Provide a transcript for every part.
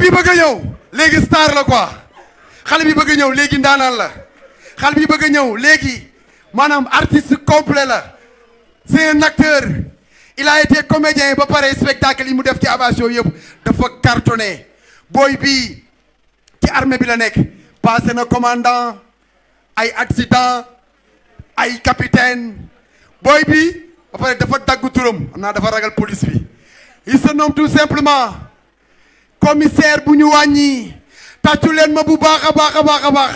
bi bëgg a léegi star la quoi xale bi bëgg a ñëw léegi ndaanaan la xale bi bëgg a ñëw léegi maanaam artiste complet la c'est un acteur il a été comédien ba pare spectacle yi mu def ci Abbas yooyu yëpp dafa cartonné booy bi ci armée bi la nekk passé na commandant ay accident ay capitaine booy bi ba pare dafa dagg turam am naa dafa ragal police bi il se tout simplement commissaire bu ñu wàññi tàccu leen ma bu baax a baax a baax a baax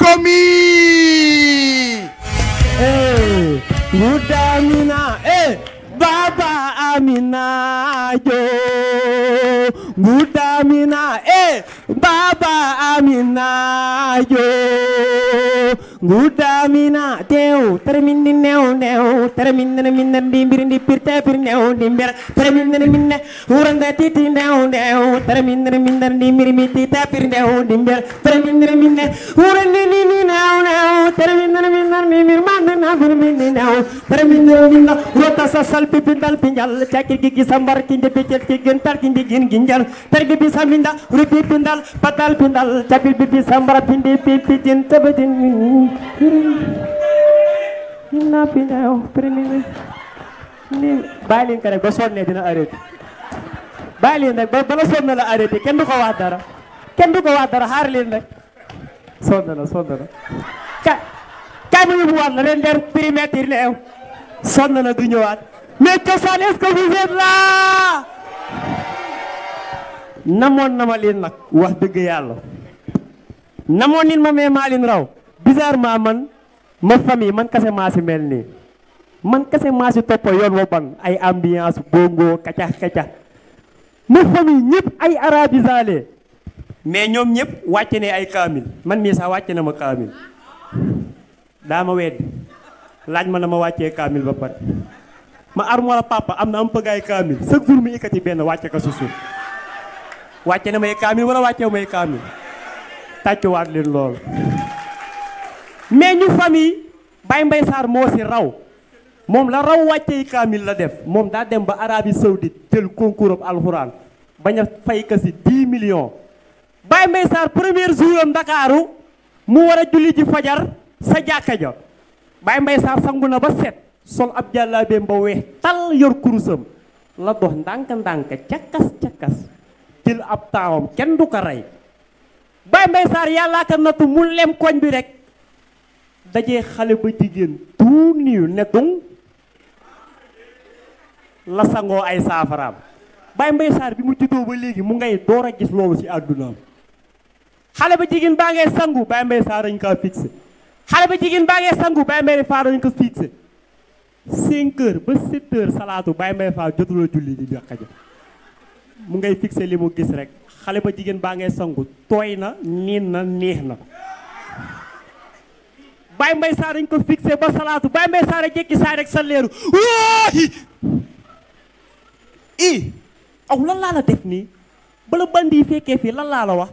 commis. Gudamina eh, eh Baba Amina yo ngudamina tew terminni new new terminnene minne ndimbiri ndi pirte pir new ndimbere terminnene minne wurande titi new new terminnene minne ndimbiri mi tite pir new ndimbere terminnene minne wurande nini new new terminnene minne ndimbiri mande nabir minni new terminnene minne rota sasal pipi dal pinjal cakir gigi sambar kinde picel kigin tar kindi gin ginjal tergi bisaminda rupi pindal patal pindal capil pipi sambar pindi pipi jin tabadin minni ñun naa fi Ndiaye wax premier nii bàyyi leen ba sonnee dina arrêté bàyyi leen rek ba bala sonn la kenn du ko wax dara kenn du ko wax dara xaar leen rek sonn na sonn na ka kaay ma yóbbuwaat la leen der périmètre la ew na du ñëwaat mais cosaan est-ce que vous êtes là namoon na ma leen nag wax dëgg yàlla namoon nit ma mais maa raw bizarrement man ma famille man kase maas si mel nii man kase maa si topp yoon wa ban ay ambiance bongo kacax kacax ma famille ñëpp ay arabisale mais ñoom ñëpp wàcce ne ay kaamil man mii sax wàcce na ma kaamil daa ma weddi laaj ma na ma wàccee kaamil ba pare ma armoire papa am na am pëggaay kaamil chaque jour mu yëkkati benn wàcce ko si suuf wàcce na may kaamil wala wàcce may kaamil tàccuwaat leen loolu mais ñu famille Baye Mbaye Sarr moo si raw moom la raw wàccee kaamil la def moom daa dem ba Arabie Saoudite jël concours am alxuraan bañ a fay ka si 10 millions Baye Mbaye Sarr premier jour am Ndakaaru mu war a julli ji fajar sa jàkka ja Baye Mbaye Sarr sangu na ba set sol ab jàllaabeem ba weex tal yor kurusam la dox ndànk-ndànk cakkas-cakkas jël ab taawam kenn du ko rey Baye Mbaye Sarr yàllaa ka nattu mu lem koñ bi rek dajee xale ba jigéen tout niw nekkuñ la sangoo ay saafaraam Baye Mbaye saar bi mu juddoo ba léegi mu ngay door a gis loolu ci àddunaam xale ba jigéen baa ngay sangu Baye Mbaye Sarr dañ kaa fixé xale ba jigéen baa ngay sangu Baye Mbaye Sarr dañ ko fixé 5 heures ba 7 salaatu Baye Mbaye Sarr jotuloo julli di jàkka ja mu ngay fixé li mu gis rek xale ba jigéen baa ngay sangu tooy na niin na neex na Baye Mbaye Sarr dañ ko fixé ba salaatu Baye Mbaye Sarr a jékki saa rek sa leeru waayi i aw lan laa la def nii bala bandi yi fekkee fii lan laa la wax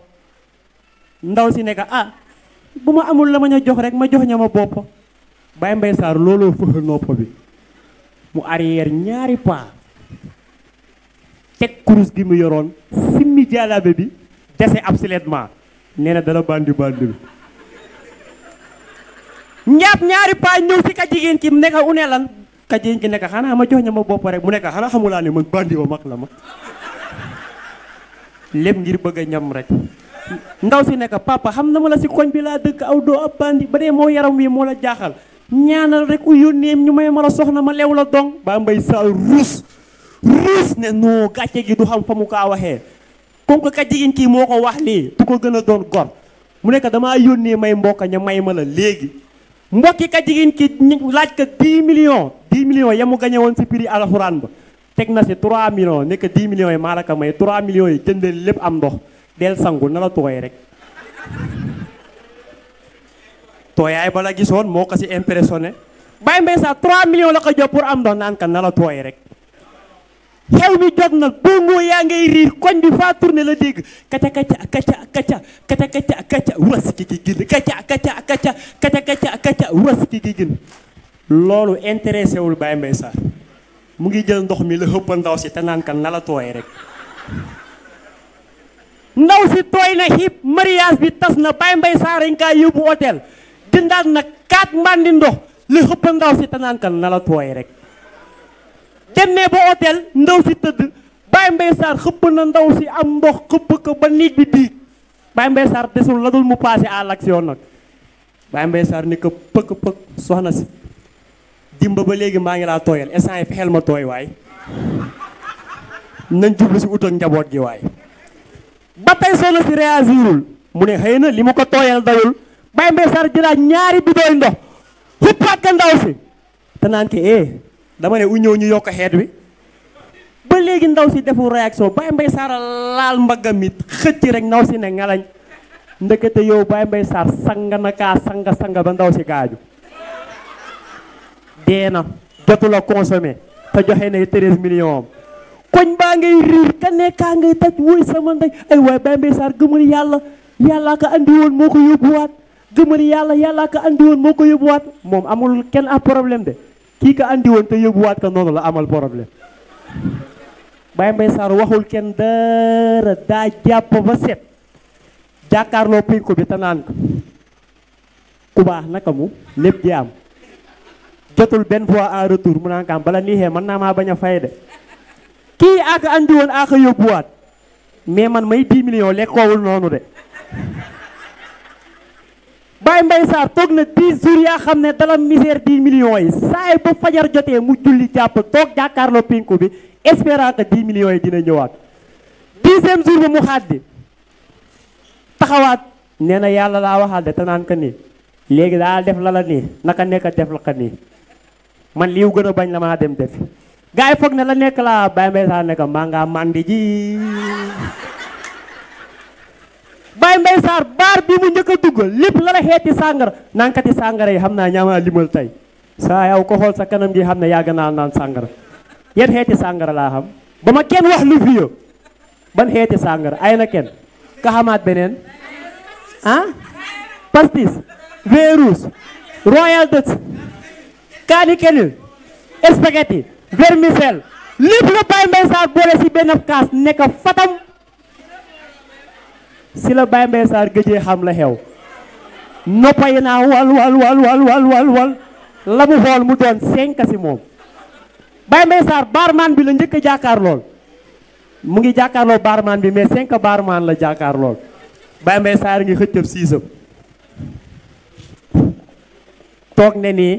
ndaw si nekka ah bu ma amul la ma ñu jox rek ma jox ña ma bopp Baye mbay saar looloo fëxal nopp bi mu arrière ñaari pas teg kurus gi mu yoroon simmi jaalaabe bi dese absolutement nee na dala bandi bandi bi ñaap ñaari paa ñëw si ka jigéen ci nekka une lan ka jigéen ki nekka xanaa ma jox ña ma bopp rek mu nekka xanaa xamulaa ne man bandi ba la ma lépp ngir bëgg rek ndaw si nekka papa xam na ma la si koñ bi laa dëkk aw doo ab bandi moo yaram wi moo la jaaxal ñaanal rek u yónneem ñu may mara soxna ma lew la dong baa mbay sa ruus ruus ne waxee comme que ka kii moo ko wax lii du ko gën a doon gor mu nekk damaa yónnee may mbokka ma la léegi mbokki ka jigéen ki laaj ko 10 millions 10 millions ya mu gañe woon si prix alxuraan ba teg na si 3 millions nekk 10 millions yi maa la ko may 3 millions yi jëndal lépp am ndox del sangu na la tooy rek tooyaay ba gisoon moo ko si impressionné Baye Mbaye sax 3 millions la ko jox pour am ndox naan ka na la tooy rek xew mi jot na bongo yaa ngay riir koñ bi faa tourné la dégg kaca kaca kaca kaca kaca kaca kaca kaca waski gi gën loolu intéressé wul Baye Mbaye mu ngi jël ndox mi la xëpp ndaw si te naan kan na la tooy rek ndaw si tooy na xib mariage bi tas na Baye Mbaye Sarr dañ kaa yóbbu hôtel jëndaat na kaat mbàndi ndox la xëpp ndaw si te naan kan na la tooy rek demee ba hôtel ndaw si tëdd Baye Mbaye Sarr xëpp na ndaw si am ndox xëpp ko ba nit bi diig Baye Mbaye Sarr desul la dul mu passé à nag Baye Mbaye Sarr ni ko pëkk soxna si dimba ba léegi maa ngi laa tooyal instant yi fexeel ma tooy waay nañ jublu si ut ak njaboot gi waay ba tey soxna si réagirul mu ne xëy na li ma ko tooyal dayul Baye Mbaye Sarr jëlaat ñaari bidooy ndox xuppaat ka ndaw si te naan ke eh dama ne u ñëw ñu yokk xeet wi ba léegi ndaw si deful réaction Baye Mbaye Sarr laal mbaggam mi xëcc rek ndaw si ne ngalañ ndekete yow Baye Mbaye Sarr sanga na kaa sanga sanga ba ndaw si gaaju dee na jotul a joxe na 13 millions am koñ baa ngay riir ka ne ngay taj woy sama ndey ay waay Baye Mbaye Sarr gëmal yàlla yàllaa ko andi moo ko yóbbuwaat gëmal yàlla yàllaa ko andi moo ko yóbbuwaat moom amul kenn am problème de kii ko andi woon te yóbbuwaat ko noonu la amal problème Baye Mbaye Sarr waxul kenn dara daa jàpp ba set jàkkaarloo penku bi te naan ko ku baax naka mu lépp di am jotul benn fois en retour mu naan kaam bala niixee mën naa maa bañ a fay de kii aka andi woon yóbbuwaat mais man may 10 millions lekkoowul noonu de Baye Mbaye Sarr toog na 10 jours yaa xam ne dala misère 10 millions yi saay ba fajar jotee mu julli jàpp toog jàkkaarloo penku bi espérant que million yi dina ñëwaat dixième jour bi mu xaat bi taxawaat nee na yàlla laa waxal de te naan ka nii léegi daal def lala nii naka nekk def la ka nii man liiw gën a bañ la maa dem defi gars foog ne la nekk laa Baye Mbaye Sarr ne ko maa ngaa màndi ji Baye Mbaye Sarr baar bi mu njëkk a dugg lépp la la xeeti sàngara nankati sàngara yi xam naa ñaamaa limal tey saa yow ko xool sa kanam ji xam ne yàgg naa naan sàngara yan xeeti sàngara laa xam ba ma kenn wax lu fi yo ban xeeti sàngara ay na kenn ka beneen ah pastis vin royal dutch kaani kenul spaghetti vermicelle lépp la Baye Mbaye Sarr boole si benn kaas nekk fatam si la Baye Mbaye Sarr gëjee xam la xew noppay naa wal wal wal wal wal wal la mu xool mu doon cinq si moom Baye Mbaye Sarr barman bi la njëkk a lool mu ngi jàkkaarloo baarmaan bi mais cinq baarmaan la jàkkaarlool Baye Mbaye Sarr ngi xëccëb siisam toog ne nii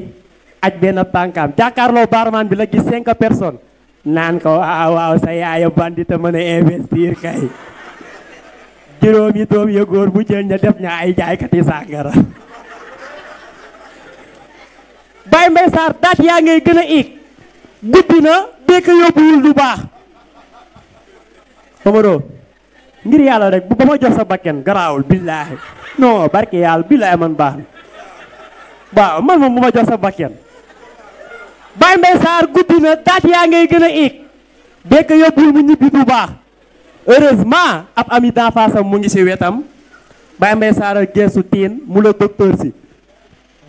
aj benn tànkaam jàkkaarloo baarmaan bi la gis cinq personnes naan ko waaw ah, waaw sa yaaya bandita mën a investir kay juróomi doom ya góor jël ña def ña ay jaaykati sàngara Baye Mbaye Sarr daat yaa ngay gën a guddi na békk yóbbuwul du baax Omaro yàlla rek bu ba ma jox sa bakken garaawul billaahi non barke yàlla billaahi man baax na waaw man moom bu ma jox sa bakken Baye Mbaye Sarr guddi na taat yaa ngay gën a iig bekk yóbbul mu ñibbi bu baax heureusement ab ami d'enfance am mu ngi si wetam Baye Mbaye Sarr geesu tiin mu la docteur si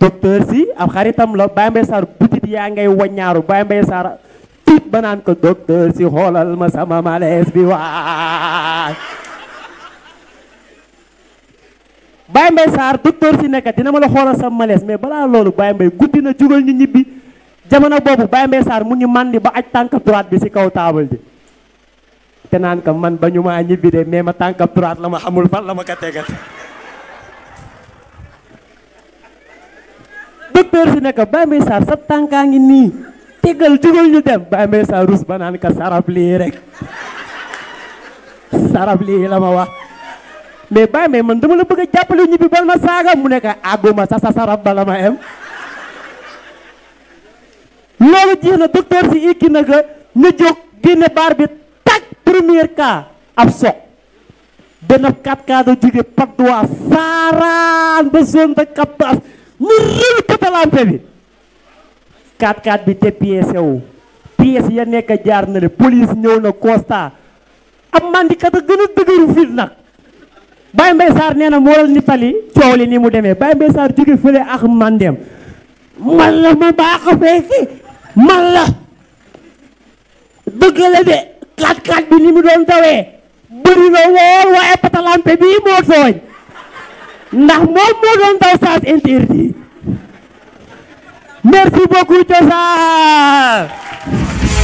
docteur si ab xaritam la Baye Mbaye Sarr butit yaa ngay waññaaru Baye Mbaye Sarr ba naan ko docteur si xoolal ma sama malaise bi waay Baye Mbaye Sarr docteur si nekkat dina ma la xoolal sama malaise mais balaa loolu Baye Mbaye guddi na jugal ñu ñibbi jamono boobu Baye Mbaye Sarr mu ngi màndi ba aj tànk droite bi si kaw taabal ji te naan ka man ba ñu maa ñibbi de mais ma tànk droite la ma xamul fan la ma ko tegat docteur si nekkat Baye Mbaye sa tànkaa ngi nii déggal jugal ñu dem bàyyi may sa rus ba naan ka sarab lii rek sarab lii la ma wax mais bàyyi may man dama la bëgg a jàppale ñibbi bal ma saaga mu nekk àgguma sa sa bala ma em loolu jeex na docteur si ikki na ga ñu jóg génne baar bi tak premier cas ab soq benn quatre cas da jóge Patte d'Oie ba zone de captage ñu rël bi 4-4 bi te pièce wu pièce ya nekk jaar na le police ñëw na constat am mandikat a gën a dëgëru fit nag Baye Mbaye Sarr nee na mooral ni pali coow li ni mu demee Baye Mbaye Sarr jóge fële ak mandem man la ma baax a fekki man la dëgg la de 4-4 bi ni mu doon dawee bëri na wool waaye patalampe bii moo tooñ ndax moom moo doon daw sens interdit Merci beaucoup, Tessa.